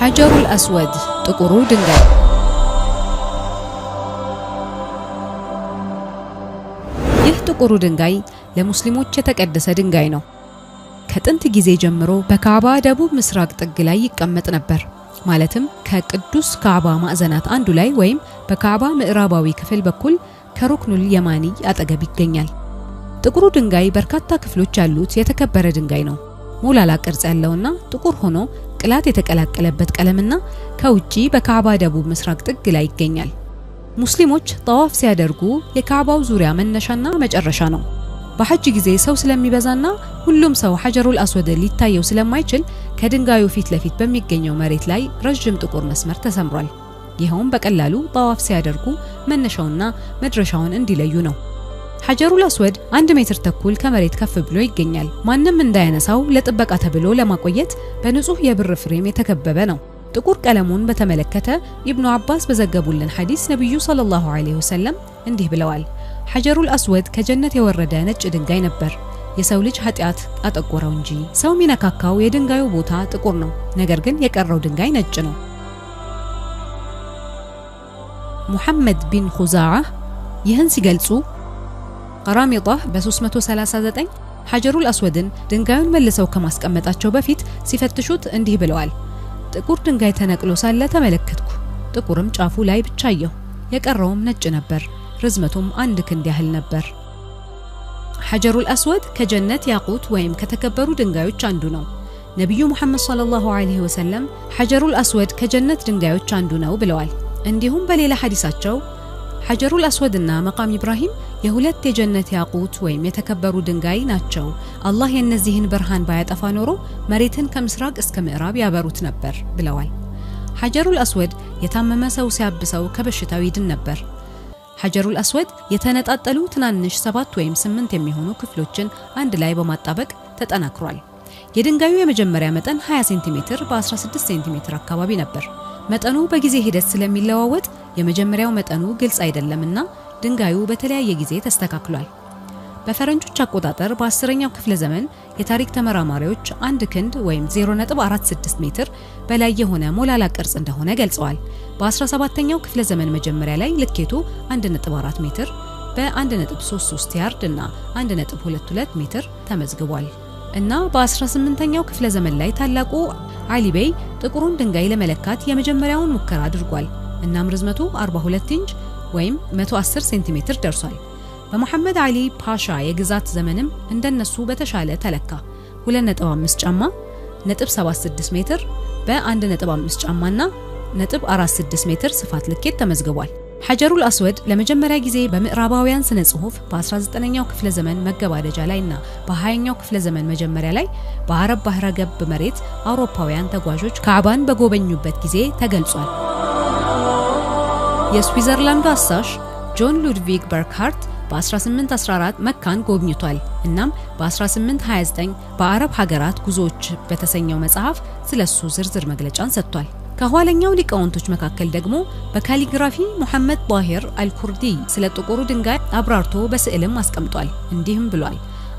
ሐጀሩል አስወድ ጥቁሩ ድንጋይ ይህ ጥቁሩ ድንጋይ ለሙስሊሞች የተቀደሰ ድንጋይ ነው። ከጥንት ጊዜ ጀምሮ በካባ ደቡብ ምስራቅ ጥግ ላይ ይቀመጥ ነበር። ማለትም ከቅዱስ ካባ ማዕዘናት አንዱ ላይ ወይም በካባ ምዕራባዊ ክፍል በኩል ከሩክኑል የማኒ አጠገብ ይገኛል። ጥቁሩ ድንጋይ በርካታ ክፍሎች ያሉት የተከበረ ድንጋይ ነው። ሞላላ ቅርጽ ያለውና ጥቁር ሆኖ ቅላት የተቀላቀለበት ቀለምና ከውጪ በካዕባ ደቡብ ምስራቅ ጥግ ላይ ይገኛል። ሙስሊሞች ጠዋፍ ሲያደርጉ የካዕባው ዙሪያ መነሻና መጨረሻ ነው። በሐጅ ጊዜ ሰው ስለሚበዛና ሁሉም ሰው ሐጀሩል አስወደ ሊታየው ስለማይችል ከድንጋዩ ፊት ለፊት በሚገኘው መሬት ላይ ረዥም ጥቁር መስመር ተሰምሯል። ይኸውም በቀላሉ ጠዋፍ ሲያደርጉ መነሻውና መድረሻውን እንዲለዩ ነው። ሐጀሩል አስወድ አንድ ሜትር ተኩል ከመሬት ከፍ ብሎ ይገኛል። ማንም እንዳያነሳው ለጥበቃ ተብሎ ለማቆየት በንጹህ የብር ፍሬም የተከበበ ነው። ጥቁር ቀለሙን በተመለከተ ኢብኑ አባስ በዘገቡልን ሐዲስ ነቢዩ ሰለላሁ ዐለይሂ ወሰለም እንዲህ ብለዋል። ሐጀሩል አስወድ ከጀነት የወረደ ነጭ ድንጋይ ነበር። የሰው ልጅ ኃጢአት አጠቆረው እንጂ ሰው ሚነካካው የድንጋዩ ቦታ ጥቁር ነው፣ ነገር ግን የቀረው ድንጋይ ነጭ ነው። ሙሐመድ ቢን ኹዛዓ ይህን ሲገልጹ ቀራሚጣ በ339 ሐጀሩል አስወድን ድንጋዩን መልሰው ከማስቀመጣቸው በፊት ሲፈትሹት እንዲህ ብለዋል። ጥቁር ድንጋይ ተነቅሎ ሳለ ተመለከትኩ። ጥቁርም ጫፉ ላይ ብቻ አየሁ። የቀረውም ነጭ ነበር። ርዝመቱም አንድ ክንድ ያህል ነበር። ሐጀሩል አስወድ ከጀነት ያቁት ወይም ከተከበሩ ድንጋዮች አንዱ ነው። ነቢዩ ሙሐመድ ሰለላሁ ዐለይሂ ወሰለም ሐጀሩል አስወድ ከጀነት ድንጋዮች አንዱ ነው ብለዋል። እንዲሁም በሌላ ሐዲሳቸው ሐጀሩል አስወድና መቃም ኢብራሂም የሁለት የጀነት ያቁት ወይም የተከበሩ ድንጋይ ናቸው። አላህ የእነዚህን ብርሃን ባያጠፋ ኖሮ መሬትን ከምስራቅ እስከ ምዕራብ ያበሩት ነበር ብለዋል። ሐጀሩል አስወድ የታመመ ሰው ሲያብሰው ከበሽታው ይድን ነበር። ሐጀሩል አስወድ የተነጣጠሉ ትናንሽ ሰባት ወይም ስምንት የሚሆኑ ክፍሎችን አንድ ላይ በማጣበቅ ተጠናክሯል። የድንጋዩ የመጀመሪያ መጠን 20 ሴንቲሜትር በ16 ሴንቲሜትር አካባቢ ነበር። መጠኑ በጊዜ ሂደት ስለሚለዋወጥ የመጀመሪያው መጠኑ ግልጽ አይደለምና ድንጋዩ በተለያየ ጊዜ ተስተካክሏል። በፈረንጆች አቆጣጠር በአስረኛው ክፍለ ዘመን የታሪክ ተመራማሪዎች አንድ ክንድ ወይም 0.46 ሜትር በላይ የሆነ ሞላላ ቅርጽ እንደሆነ ገልጸዋል። በ17ኛው ክፍለ ዘመን መጀመሪያ ላይ ልኬቱ 1.4 ሜትር በ1.33 ያርድ እና 1.22 ሜትር ተመዝግቧል። እና በ18ኛው ክፍለ ዘመን ላይ ታላቁ አሊ ቤይ ጥቁሩን ድንጋይ ለመለካት የመጀመሪያውን ሙከራ አድርጓል። እናም ርዝመቱ 42 ኢንች ወይም 110 ሴንቲሜትር ደርሷል። በመሐመድ አሊ ፓሻ የግዛት ዘመንም እንደነሱ በተሻለ ተለካ። 2.5 ጫማ፣ 76 ሜትር በ1.5 ጫማና 46 ሜትር ስፋት ልኬት ተመዝግቧል። ሐጀሩል አስወድ ለመጀመሪያ ጊዜ በምዕራባውያን ስነ ጽሁፍ በ19ኛው ክፍለ ዘመን መገባደጃ ላይ እና በ20ኛው ክፍለ ዘመን መጀመሪያ ላይ በአረብ ባህረ ገብ መሬት አውሮፓውያን ተጓዦች ካዕባን በጎበኙበት ጊዜ ተገልጿል። የስዊዘርላንዱ አሳሽ ጆን ሉድቪግ በርካርት በ1814 መካን ጎብኝቷል። እናም በ1829 በአረብ ሀገራት ጉዞዎች በተሰኘው መጽሐፍ ስለሱ ዝርዝር መግለጫን ሰጥቷል። ከኋለኛው ሊቃውንቶች መካከል ደግሞ በካሊግራፊ ሙሐመድ ጣሂር አልኩርዲ ስለ ጥቁሩ ድንጋይ አብራርቶ በስዕልም አስቀምጧል። እንዲህም ብሏል።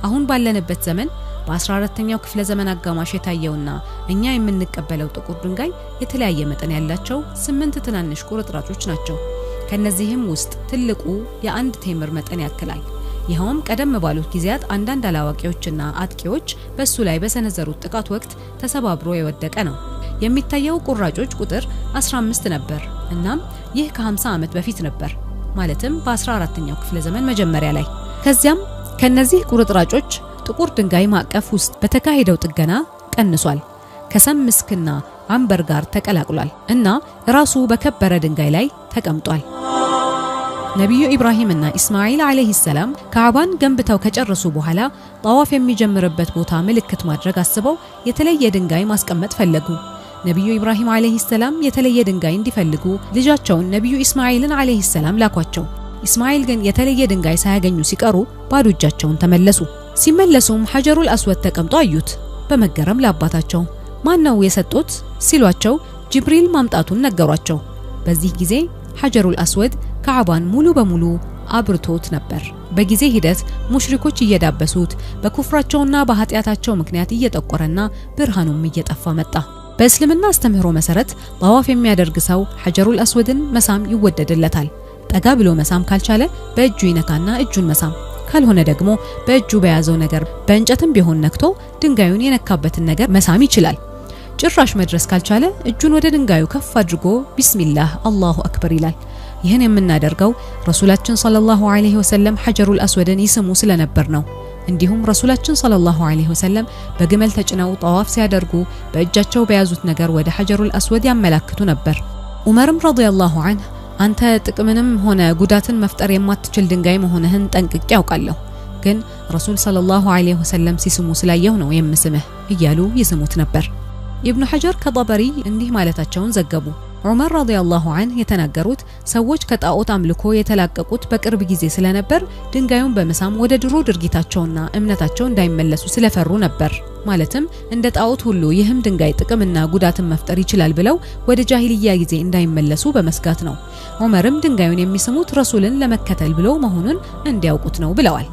አሁን ባለንበት ዘመን በ14ኛው ክፍለ ዘመን አጋማሽ የታየውና እኛ የምንቀበለው ጥቁር ድንጋይ የተለያየ መጠን ያላቸው ስምንት ትናንሽ ቁርጥራጮች ናቸው። ከነዚህም ውስጥ ትልቁ የአንድ ቴምር መጠን ያክላል። ይኸውም ቀደም ባሉት ጊዜያት አንዳንድ አላዋቂዎችና አጥቂዎች በእሱ ላይ በሰነዘሩት ጥቃት ወቅት ተሰባብሮ የወደቀ ነው። የሚታየው ቁራጮች ቁጥር 15 ነበር። እናም ይህ ከ50 ዓመት በፊት ነበር ማለትም በ14ኛው ክፍለ ዘመን መጀመሪያ ላይ። ከዚያም ከነዚህ ቁርጥራጮች ጥቁር ድንጋይ ማዕቀፍ ውስጥ በተካሄደው ጥገና ቀንሷል፣ ከሰም ምስክና አምበር ጋር ተቀላቅሏል እና ራሱ በከበረ ድንጋይ ላይ ተቀምጧል። ነቢዩ ኢብራሂምና ኢስማኤል ዓለይሂ ሰላም ካዕባን ገንብተው ከጨረሱ በኋላ ጠዋፍ የሚጀምርበት ቦታ ምልክት ማድረግ አስበው የተለየ ድንጋይ ማስቀመጥ ፈለጉ። ነቢዩ ኢብራሂም ዓለይህ ሰላም የተለየ ድንጋይ እንዲፈልጉ ልጃቸውን ነቢዩ ኢስማኤልን ዓለይህ ሰላም ላኳቸው። ኢስማኤል ግን የተለየ ድንጋይ ሳያገኙ ሲቀሩ ባዶ እጃቸውን ተመለሱ። ሲመለሱም ሐጀሩል አስወድ ተቀምጦ አዩት። በመገረም ለአባታቸው ማን ነው የሰጡት ሲሏቸው ጅብሪል ማምጣቱን ነገሯቸው። በዚህ ጊዜ ሐጀሩል አስወድ ካዕባን ሙሉ በሙሉ አብርቶት ነበር። በጊዜ ሂደት ሙሽሪኮች እየዳበሱት በኩፍራቸውና በኃጢአታቸው ምክንያት እየጠቆረና ብርሃኑም እየጠፋ መጣ። በእስልምና አስተምህሮ መሰረት ጠዋፍ የሚያደርግ ሰው ሐጀሩል አስወድን መሳም ይወደድለታል። ጠጋ ብሎ መሳም ካልቻለ በእጁ ይነካና እጁን መሳም ካልሆነ ደግሞ በእጁ በያዘው ነገር በእንጨትም ቢሆን ነክቶ ድንጋዩን የነካበትን ነገር መሳም ይችላል። ጭራሽ መድረስ ካልቻለ እጁን ወደ ድንጋዩ ከፍ አድርጎ ቢስሚላህ አላሁ አክበር ይላል። ይህን የምናደርገው ረሱላችን ሰለላሁ ዐለይሂ ወሰለም ሐጀሩል አስወድን ይስሙ ስለነበር ነው። እንዲሁም ረሱላችን ሰለላሁ ዐለይሂ ወሰለም በግመል ተጭነው ጠዋፍ ሲያደርጉ በእጃቸው በያዙት ነገር ወደ ሐጀሩል አስወድ ያመላክቱ ነበር። ዑመርም ረዲየላሁ ዐንህ አንተ ጥቅምንም ሆነ ጉዳትን መፍጠር የማትችል ድንጋይ መሆንህን ጠንቅቄ ያውቃለሁ፣ ግን ረሱል ሰለላሁ ዐለይሂ ወሰለም ሲስሙ ስላየሁ ነው የምስምህ እያሉ ይስሙት ነበር። ኢብኑ ሐጀር ከጠበሪ እንዲህ ማለታቸውን ዘገቡ። ዑመር ረዲያላሁ አንህ የተናገሩት ሰዎች ከጣዖት አምልኮ የተላቀቁት በቅርብ ጊዜ ስለነበር ድንጋዩን በመሳም ወደ ድሮ ድርጊታቸውና እምነታቸው እንዳይመለሱ ስለፈሩ ነበር። ማለትም እንደ ጣዖት ሁሉ ይህም ድንጋይ ጥቅምና ጉዳትን መፍጠር ይችላል ብለው ወደ ጃሂልያ ጊዜ እንዳይመለሱ በመስጋት ነው። ዑመርም ድንጋዩን የሚስሙት ረሱልን ለመከተል ብለው መሆኑን እንዲያውቁት ነው ብለዋል።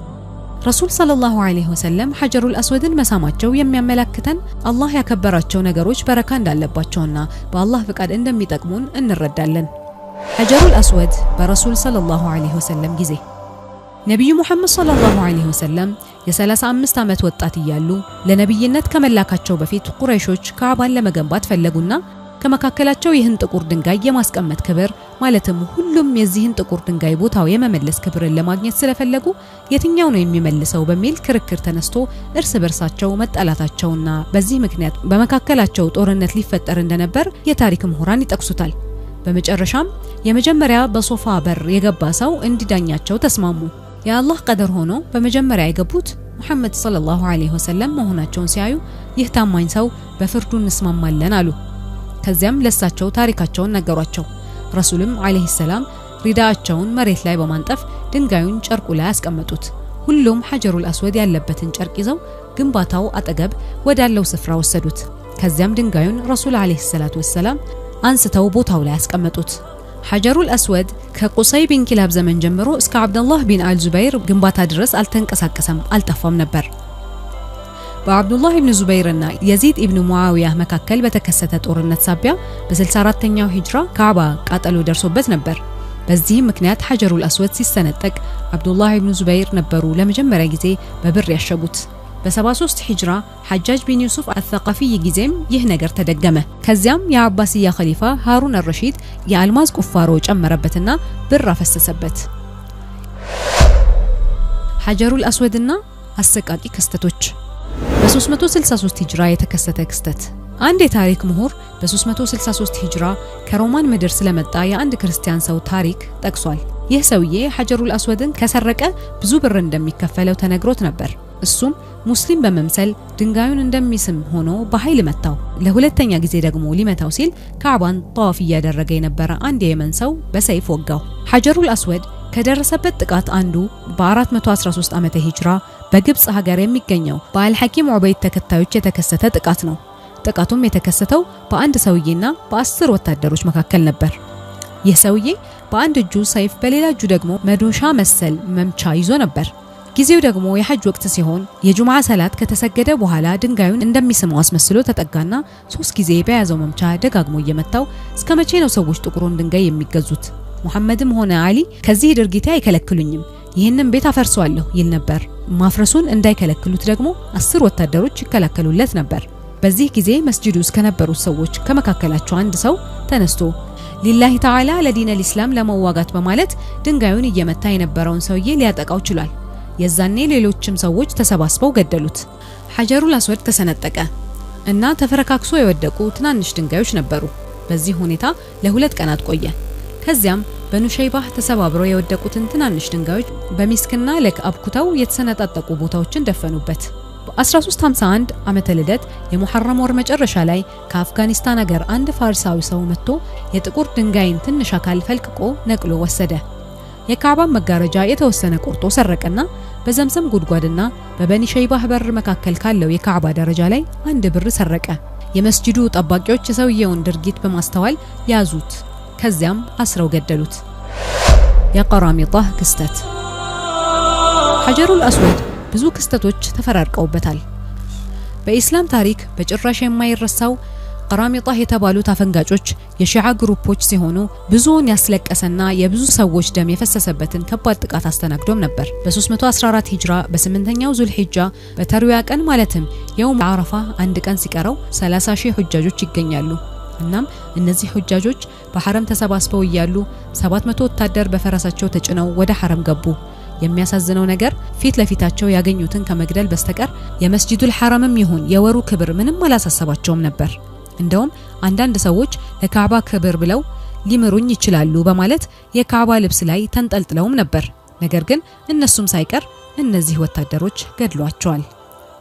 ረሱል ሰለላሁ ዐለይሂ ወሰለም ሐጀሩል አስወድን መሳማቸው የሚያመላክተን አላህ ያከበራቸው ነገሮች በረካ እንዳለባቸውና በአላህ ፍቃድ እንደሚጠቅሙን እንረዳለን። ሐጀሩል አስወድ በረሱል ሰለላሁ ዐለይሂ ወሰለም ጊዜ ነቢዩ ሙሐመድ ሰለላሁ ዐለይሂ ወሰለም የ35 ዓመት ወጣት እያሉ ለነቢይነት ከመላካቸው በፊት ቁረይሾች ካዕባን ለመገንባት ፈለጉና ከመካከላቸው ይህን ጥቁር ድንጋይ የማስቀመጥ ክብር ማለትም ሁሉም የዚህን ጥቁር ድንጋይ ቦታው የመመለስ ክብርን ለማግኘት ስለፈለጉ የትኛው ነው የሚመልሰው በሚል ክርክር ተነስቶ እርስ በርሳቸው መጣላታቸውና በዚህ ምክንያት በመካከላቸው ጦርነት ሊፈጠር እንደነበር የታሪክ ምሁራን ይጠቅሱታል። በመጨረሻም የመጀመሪያ በሶፋ በር የገባ ሰው እንዲዳኛቸው ተስማሙ። የአላህ ቀደር ሆኖ በመጀመሪያ የገቡት ሙሐመድ ሰለላሁ ዐለይሂ ወሰለም መሆናቸውን ሲያዩ ይህ ታማኝ ሰው በፍርዱ እንስማማለን አሉ። ከዚያም ለሳቸው ታሪካቸውን ነገሯቸው። ረሱልም ዓለይሂ ሰላም ሪዳቸውን መሬት ላይ በማንጠፍ ድንጋዩን ጨርቁ ላይ አስቀመጡት። ሁሉም ሐጀሩል አስወድ ያለበትን ጨርቅ ይዘው ግንባታው አጠገብ ወዳለው ስፍራ ወሰዱት። ከዚያም ድንጋዩን ረሱል ዓለይሂ ሰላቱ ወሰላም አንስተው ቦታው ላይ አስቀመጡት። ሐጀሩል አስወድ ከቁሰይ ቢን ኪላብ ዘመን ጀምሮ እስከ አብደላህ ቢን አልዙበይር ግንባታ ድረስ አልተንቀሳቀሰም፣ አልጠፋም ነበር። በአብዱላህ ኢብን ዙበይርና የዚድ ኢብን ሙዓዊያ መካከል በተከሰተ ጦርነት ሳቢያ በ64ኛው ሂጅራ ካዕባ ቃጠሎ ደርሶበት ነበር። በዚህም ምክንያት ሐጀሩል አስወድ ሲሰነጠቅ አብዱላህ ብን ዙበይር ነበሩ ለመጀመሪያ ጊዜ በብር ያሸጉት። በ73 ሂጅራ ሐጃጅ ቢን ዩሱፍ አልተቃፊይ ጊዜም ይህ ነገር ተደገመ። ከዚያም የአባስያ ኸሊፋ ሃሩን አልረሺድ የአልማዝ ቁፋሮ ጨመረበትና ብር አፈሰሰበት። ሐጀሩል አስወድና አሰቃቂ ክስተቶች በ363 ሂጅራ የተከሰተ ክስተት አንድ የታሪክ ምሁር በ363 ሂጅራ ከሮማን ምድር ስለመጣ የአንድ ክርስቲያን ሰው ታሪክ ጠቅሷል። ይህ ሰውዬ ሐጀሩል አስወድን ከሰረቀ ብዙ ብር እንደሚከፈለው ተነግሮት ነበር። እሱም ሙስሊም በመምሰል ድንጋዩን እንደሚስም ሆኖ በኃይል መታው። ለሁለተኛ ጊዜ ደግሞ ሊመታው ሲል ካዕባን ጠዋፍ እያደረገ የነበረ አንድ የየመን ሰው በሰይፍ ወጋው። ሐጀሩል አስወድ ከደረሰበት ጥቃት አንዱ በ413 ዓመተ ሂጅራ በግብፅ ሀገር የሚገኘው በአል ሐኪም ዑበይድ ተከታዮች የተከሰተ ጥቃት ነው። ጥቃቱም የተከሰተው በአንድ ሰውዬና በአስር ወታደሮች መካከል ነበር። ይህ ሰውዬ በአንድ እጁ ሰይፍ በሌላ እጁ ደግሞ መዶሻ መሰል መምቻ ይዞ ነበር። ጊዜው ደግሞ የሐጅ ወቅት ሲሆን የጁምዓ ሰላት ከተሰገደ በኋላ ድንጋዩን እንደሚስመው አስመስሎ ተጠጋና ሶስት ጊዜ በያዘው መምቻ ደጋግሞ እየመታው እስከ መቼ ነው ሰዎች ጥቁሩን ድንጋይ የሚገዙት? ሙሐመድም ሆነ አሊ ከዚህ ድርጊቴ አይከለክሉኝም፣ ይህንም ቤት አፈርሰዋለሁ ይል ነበር። ማፍረሱን እንዳይከለክሉት ደግሞ አስር ወታደሮች ይከላከሉለት ነበር። በዚህ ጊዜ መስጅድ ውስጥ ከነበሩት ሰዎች ከመካከላቸው አንድ ሰው ተነስቶ ሊላሂ ተዓላ ለዲን ልእስላም ለመዋጋት በማለት ድንጋዩን እየመታ የነበረውን ሰውዬ ሊያጠቃው ችሏል። የዛኔ ሌሎችም ሰዎች ተሰባስበው ገደሉት። ሐጀሩል አስወድ ተሰነጠቀ እና ተፈረካክሶ የወደቁ ትናንሽ ድንጋዮች ነበሩ። በዚህ ሁኔታ ለሁለት ቀናት ቆየ። ከዚያም በኑሸይባህ ተሰባብረው የወደቁትን ትናንሽ ድንጋዮች በሚስክና ለክ አብኩተው የተሰነጣጠቁ ቦታዎችን ደፈኑበት። በ1351 ዓመተ ልደት የሙሐረም ወር መጨረሻ ላይ ከአፍጋኒስታን አገር አንድ ፋርሳዊ ሰው መጥቶ የጥቁር ድንጋይን ትንሽ አካል ፈልቅቆ ነቅሎ ወሰደ። የካዕባን መጋረጃ የተወሰነ ቆርጦ ሰረቀና በዘምዘም ጉድጓድና በበኒ ሸይባህ በር መካከል ካለው የካዕባ ደረጃ ላይ አንድ ብር ሰረቀ። የመስጂዱ ጠባቂዎች የሰውየውን ድርጊት በማስተዋል ያዙት። ከዚያም አስረው ገደሉት። የቀራሚጣ ክስተት ሐጀሩል አስወድ ብዙ ክስተቶች ተፈራርቀውበታል። በኢስላም ታሪክ በጭራሽ የማይረሳው ቀራሚጣ የተባሉት አፈንጋጮች የሺዓ ግሩፖች ሲሆኑ ብዙውን ያስለቀሰና የብዙ ሰዎች ደም የፈሰሰበትን ከባድ ጥቃት አስተናግዶም ነበር። በ314 ሂጅራ በስምንተኛው ዙል ሂጃ በተርዊያ ቀን ማለትም የውም አረፋ አንድ ቀን ሲቀረው 30 ሺህ ሁጃጆች ይገኛሉ። እናም እነዚህ ሁጃጆች በሐረም ተሰባስበው እያሉ 700 ወታደር በፈረሳቸው ተጭነው ወደ ሐረም ገቡ። የሚያሳዝነው ነገር ፊት ለፊታቸው ያገኙትን ከመግደል በስተቀር የመስጂዱል ሐረምም ይሁን የወሩ ክብር ምንም አላሳሰባቸውም ነበር። እንደውም አንዳንድ ሰዎች ለካዕባ ክብር ብለው ሊምሩኝ ይችላሉ በማለት የካዕባ ልብስ ላይ ተንጠልጥለውም ነበር። ነገር ግን እነሱም ሳይቀር እነዚህ ወታደሮች ገድሏቸዋል።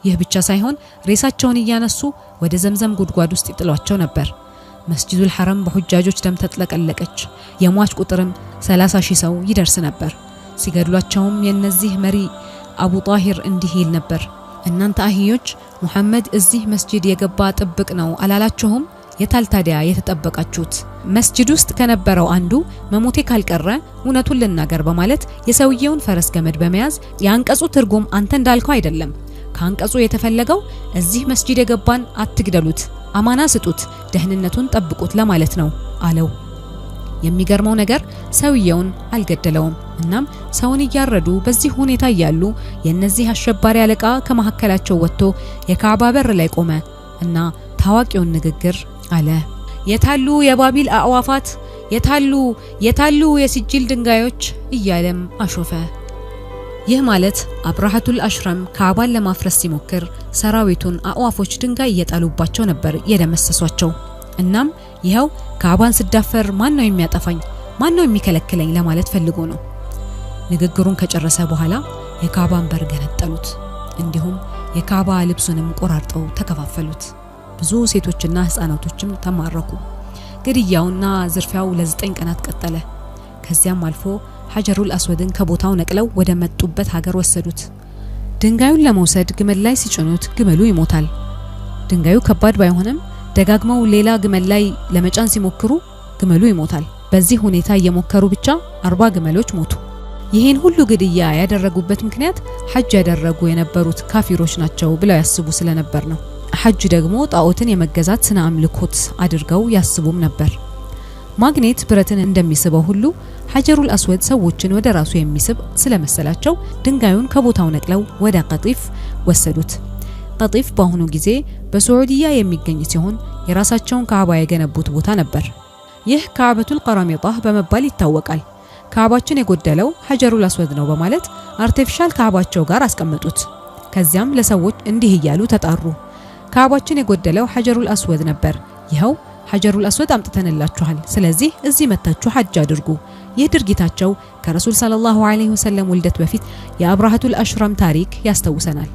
ይህ ብቻ ሳይሆን ሬሳቸውን እያነሱ ወደ ዘምዘም ጉድጓድ ውስጥ ይጥሏቸው ነበር። መስጂዱል ሐረም በሁጃጆች ደም ተጥለቀለቀች። የሟች ቁጥርም 30 ሺህ ሰው ይደርስ ነበር። ሲገድሏቸውም የእነዚህ መሪ አቡ ጣሂር እንዲህ ይል ነበር፣ እናንተ አህዮች ሙሐመድ እዚህ መስጂድ የገባ ጥብቅ ነው አላላችሁም? የታል ታዲያ የተጠበቃችሁት? መስጂድ ውስጥ ከነበረው አንዱ መሞቴ ካልቀረ እውነቱን ልናገር በማለት የሰውየውን ፈረስ ገመድ በመያዝ የአንቀጹ ትርጉም አንተ እንዳልከው አይደለም ከአንቀጹ የተፈለገው እዚህ መስጂድ የገባን አትግደሉት፣ አማና ስጡት፣ ደህንነቱን ጠብቁት ለማለት ነው አለው። የሚገርመው ነገር ሰውየውን አልገደለውም። እናም ሰውን እያረዱ በዚህ ሁኔታ እያሉ የእነዚህ አሸባሪ አለቃ ከመካከላቸው ወጥቶ የካዕባ በር ላይ ቆመ እና ታዋቂውን ንግግር አለ። የታሉ የባቢል አዕዋፋት? የታሉ የታሉ የሲጅል ድንጋዮች? እያለም አሾፈ። ይህ ማለት አብርሃቱል አሽረም ካዕባን ለማፍረስ ሲሞክር ሰራዊቱን አዕዋፎች ድንጋይ እየጣሉባቸው ነበር የደመሰሷቸው። እናም ይኸው ካዕባን ስዳፈር ማን ነው የሚያጠፋኝ? ማን ነው የሚከለክለኝ? ለማለት ፈልጎ ነው። ንግግሩን ከጨረሰ በኋላ የካዕባን በር ገነጠሉት፣ እንዲሁም የካዕባ ልብሱንም ቆራርጠው ተከፋፈሉት። ብዙ ሴቶችና ህፃናቶችም ተማረኩ። ግድያውና ዝርፊያው ለዘጠኝ ቀናት ቀጠለ። ከዚያም አልፎ ሀጀሩል አስወድን ከቦታው ነቅለው ወደ መጡበት ሀገር ወሰዱት። ድንጋዩን ለመውሰድ ግመል ላይ ሲጭኑት ግመሉ ይሞታል። ድንጋዩ ከባድ ባይሆንም ደጋግመው ሌላ ግመል ላይ ለመጫን ሲሞክሩ ግመሉ ይሞታል። በዚህ ሁኔታ እየሞከሩ ብቻ አርባ ግመሎች ሞቱ። ይህን ሁሉ ግድያ ያደረጉበት ምክንያት ሐጅ ያደረጉ የነበሩት ካፊሮች ናቸው ብለው ያስቡ ስለነበር ነው። ሐጅ ደግሞ ጣዖትን የመገዛት ስነ አምልኮት አድርገው ያስቡም ነበር። ማግኔት ብረትን እንደሚስበው ሁሉ ሐጀሩል አስወድ ሰዎችን ወደ ራሱ የሚስብ ስለመሰላቸው ድንጋዩን ከቦታው ነቅለው ወደ ቀጢፍ ወሰዱት። ቀጢፍ በአሁኑ ጊዜ በሱዑዲያ የሚገኝ ሲሆን የራሳቸውን ካዕባ የገነቡት ቦታ ነበር። ይህ ካዕበቱል ቀረሚጣህ በመባል ይታወቃል። ካዕባችን የጎደለው ሐጀሩል አስወድ ነው በማለት አርቲፊሻል ካዕባቸው ጋር አስቀመጡት። ከዚያም ለሰዎች እንዲህ እያሉ ተጣሩ። ካዕባችን የጎደለው ሐጀሩል አስወድ ነበር፣ ይኸው ሐጀሩል አስወድ አምጥተንላችኋል። ስለዚህ እዚህ መታችሁ ሐጅ አድርጉ። ይህ ድርጊታቸው ከረሱል ሰለላሁ ዐለይሂ ወሰለም ውልደት በፊት የአብራሃቱል አሽረም ታሪክ ያስታውሰናል።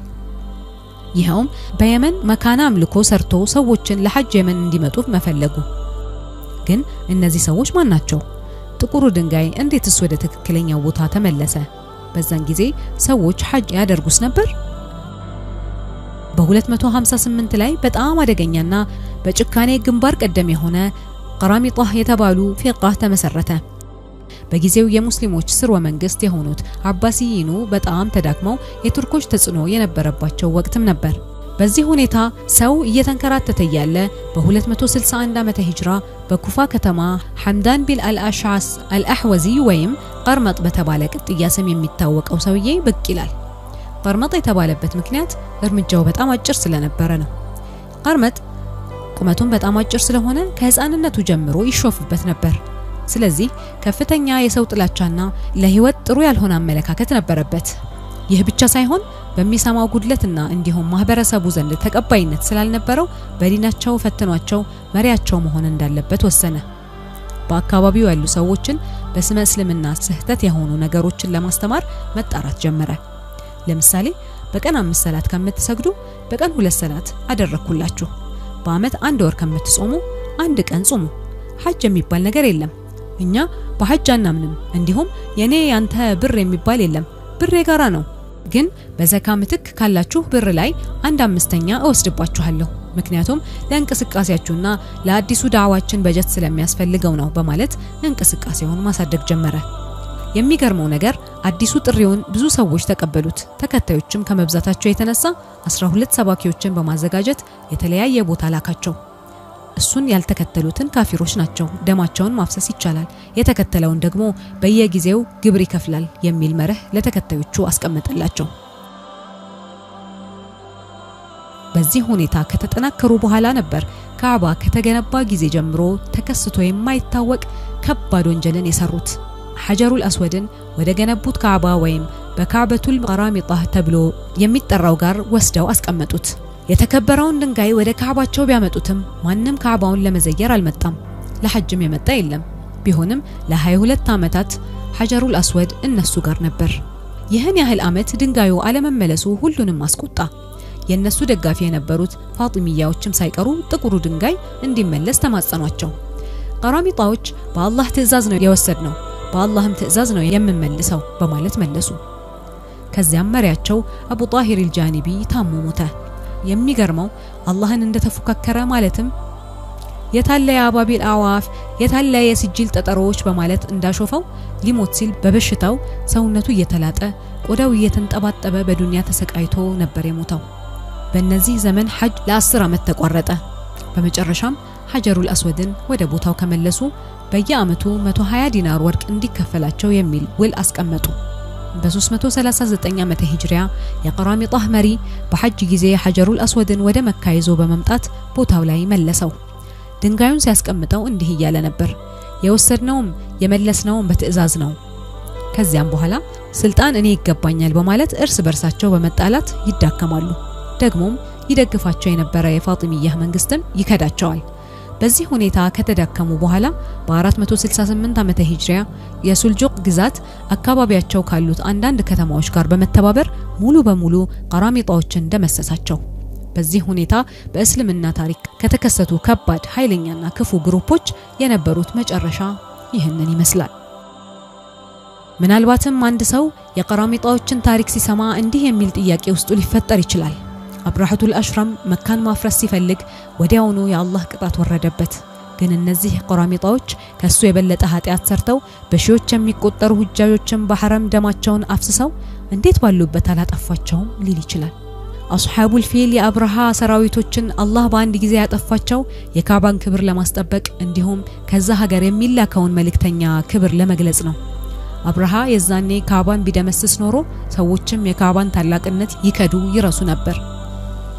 ይኸውም በየመን መካና አምልኮ ሰርቶ ሰዎችን ለሐጅ የመን እንዲመጡ መፈለጉ። ግን እነዚህ ሰዎች ማን ናቸው? ጥቁሩ ድንጋይ እንዴትስ ወደ ትክክለኛው ቦታ ተመለሰ? በዛን ጊዜ ሰዎች ሐጅ ያደርጉስ ነበር? በ258 ላይ በጣም አደገኛና በጭካኔ ግንባር ቀደም የሆነ ቀራሚጣህ የተባሉ ፊቃ ተመሰረተ። በጊዜው የሙስሊሞች ስርወ መንግስት የሆኑት አባሲይኑ በጣም ተዳክመው የቱርኮች ተጽዕኖ የነበረባቸው ወቅትም ነበር። በዚህ ሁኔታ ሰው እየተንከራተተ እያለ በ261 ዓመተ ሂጅራ በኩፋ ከተማ ሐምዳን ቢን አልአሻስ አልአሕወዚ ወይም ቀርመጥ በተባለ ቅጥያ ስም የሚታወቀው ሰውዬ ብቅ ይላል። ቀርመጥ የተባለበት ምክንያት እርምጃው በጣም አጭር ስለነበረ ነው። ቀርመጥ ቁመቱም በጣም አጭር ስለሆነ ከህፃንነቱ ጀምሮ ይሾፍበት ነበር። ስለዚህ ከፍተኛ የሰው ጥላቻና ለህይወት ጥሩ ያልሆነ አመለካከት ነበረበት። ይህ ብቻ ሳይሆን በሚሰማው ጉድለትና እንዲሁም ማህበረሰቡ ዘንድ ተቀባይነት ስላልነበረው በዲናቸው ፈትኗቸው መሪያቸው መሆን እንዳለበት ወሰነ። በአካባቢው ያሉ ሰዎችን በስመ እስልምና ስህተት የሆኑ ነገሮችን ለማስተማር መጣራት ጀመረ። ለምሳሌ በቀን አምስት ሰላት ከምትሰግዱ በቀን ሁለት ሰላት አደረግኩላችሁ በአመት አንድ ወር ከምትጾሙ አንድ ቀን ጾሙ። ሐጅ የሚባል ነገር የለም። እኛ በሐጅ አናምንም። እንዲሁም የኔ ያንተ ብር የሚባል የለም። ብር የጋራ ነው። ግን በዘካ ምትክ ካላችሁ ብር ላይ አንድ አምስተኛ እወስድባችኋለሁ። ምክንያቱም ለእንቅስቃሴያችሁና ለአዲሱ ዳዋችን በጀት ስለሚያስፈልገው ነው በማለት እንቅስቃሴውን ማሳደግ ጀመረ። የሚገርመው ነገር አዲሱ ጥሪውን ብዙ ሰዎች ተቀበሉት። ተከታዮችም ከመብዛታቸው የተነሳ 12 ሰባኪዎችን በማዘጋጀት የተለያየ ቦታ ላካቸው። እሱን ያልተከተሉትን ካፊሮች ናቸው፣ ደማቸውን ማፍሰስ ይቻላል፣ የተከተለውን ደግሞ በየጊዜው ግብር ይከፍላል የሚል መርህ ለተከታዮቹ አስቀመጠላቸው። በዚህ ሁኔታ ከተጠናከሩ በኋላ ነበር ካዕባ ከተገነባ ጊዜ ጀምሮ ተከስቶ የማይታወቅ ከባድ ወንጀልን የሰሩት። ሐጀሩል አስወድን ወደ ገነቡት ካዕባ ወይም በካዕበቱል ቀራሚጣህ ተብሎ የሚጠራው ጋር ወስደው አስቀመጡት። የተከበረውን ድንጋይ ወደ ካዕባቸው ቢያመጡትም ማንም ካዕባውን ለመዘየር አልመጣም። ለሐጅም የመጣ የለም። ቢሆንም ለ22 ዓመታት ሐጀሩል አስወድ እነሱ ጋር ነበር። ይህን ያህል ዓመት ድንጋዩ አለመመለሱ ሁሉንም አስቆጣ። የእነሱ ደጋፊ የነበሩት ፋጢሚያዎችም ሳይቀሩ ጥቁሩ ድንጋይ እንዲመለስ ተማጸኗቸው። ቀራሚጣዎች በአላህ ትዕዛዝ ነው የወሰድ ነው በአላህም ትእዛዝ ነው የምንመልሰው በማለት መለሱ። ከዚያም መሪያቸው አቡ ጣሂር አልጃኒቢ ታሞ ሞተ። የሚገርመው አላህን እንደተፎካከረ ማለትም የታለ የአባቢል አዋፍ የታለ የስጅል ጠጠሮዎች በማለት እንዳሾፈው ሊሞት ሲል በበሽታው ሰውነቱ እየተላጠ ቆዳው እየተንጠባጠበ በዱንያ ተሰቃይቶ ነበር የሞተው። በእነዚህ ዘመን ሐጅ ለአስር ዓመት ተቋረጠ። በመጨረሻም ሐጀሩል አስወድን ወደ ቦታው ከመለሱ በየዓመቱ 120 ዲናር ወርቅ እንዲከፈላቸው የሚል ውል አስቀመጡ። በ339 ዓመተ ሂጅሪያ የቀራሚጣህ መሪ በሐጅ ጊዜ ሐጀሩል አስወድን ወደ መካ ይዞ በመምጣት ቦታው ላይ መለሰው። ድንጋዩን ሲያስቀምጠው እንዲህ እያለ ነበር፣ የወሰድነውም የመለስነውም በትዕዛዝ ነው። ከዚያም በኋላ ስልጣን እኔ ይገባኛል በማለት እርስ በርሳቸው በመጣላት ይዳከማሉ። ደግሞም ይደግፋቸው የነበረ የፋጢሚያህ መንግስትም ይከዳቸዋል። በዚህ ሁኔታ ከተዳከሙ በኋላ በ468 ዓመተ ሂጅሪያ የሱልጁቅ ግዛት አካባቢያቸው ካሉት አንዳንድ ከተማዎች ጋር በመተባበር ሙሉ በሙሉ ቀራሚጣዎችን ደመሰሳቸው። በዚህ ሁኔታ በእስልምና ታሪክ ከተከሰቱ ከባድ ኃይለኛና ክፉ ግሩፖች የነበሩት መጨረሻ ይህንን ይመስላል። ምናልባትም አንድ ሰው የቀራሚጣዎችን ታሪክ ሲሰማ እንዲህ የሚል ጥያቄ ውስጡ ሊፈጠር ይችላል። አብረሐቱል አሽረም መካን ማፍረስ ሲፈልግ ወዲያውኑ የአላህ ቅጣት ወረደበት። ግን እነዚህ ቆራሚጣዎች ከሱ የበለጠ ኃጢአት ሰርተው በሺዎች የሚቆጠሩ ሁጃጆችን በሐረም ደማቸውን አፍስሰው እንዴት ባሉበት አላጠፏቸውም ሊል ይችላል። አስሓቡል ፊል የአብርሃ ሰራዊቶችን አላህ በአንድ ጊዜ ያጠፋቸው የካባን ክብር ለማስጠበቅ እንዲሁም ከዛ ሀገር የሚላከውን መልእክተኛ ክብር ለመግለጽ ነው። አብርሃ የዛኔ ካባን ቢደመስስ ኖሮ ሰዎችም የካባን ታላቅነት ይከዱ ይረሱ ነበር።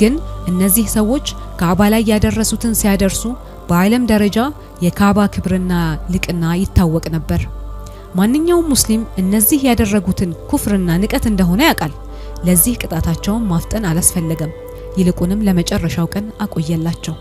ግን እነዚህ ሰዎች ካዕባ ላይ ያደረሱትን ሲያደርሱ በዓለም ደረጃ የካዕባ ክብርና ልቅና ይታወቅ ነበር። ማንኛውም ሙስሊም እነዚህ ያደረጉትን ኩፍርና ንቀት እንደሆነ ያውቃል። ለዚህ ቅጣታቸውን ማፍጠን አላስፈለገም። ይልቁንም ለመጨረሻው ቀን አቆየላቸው።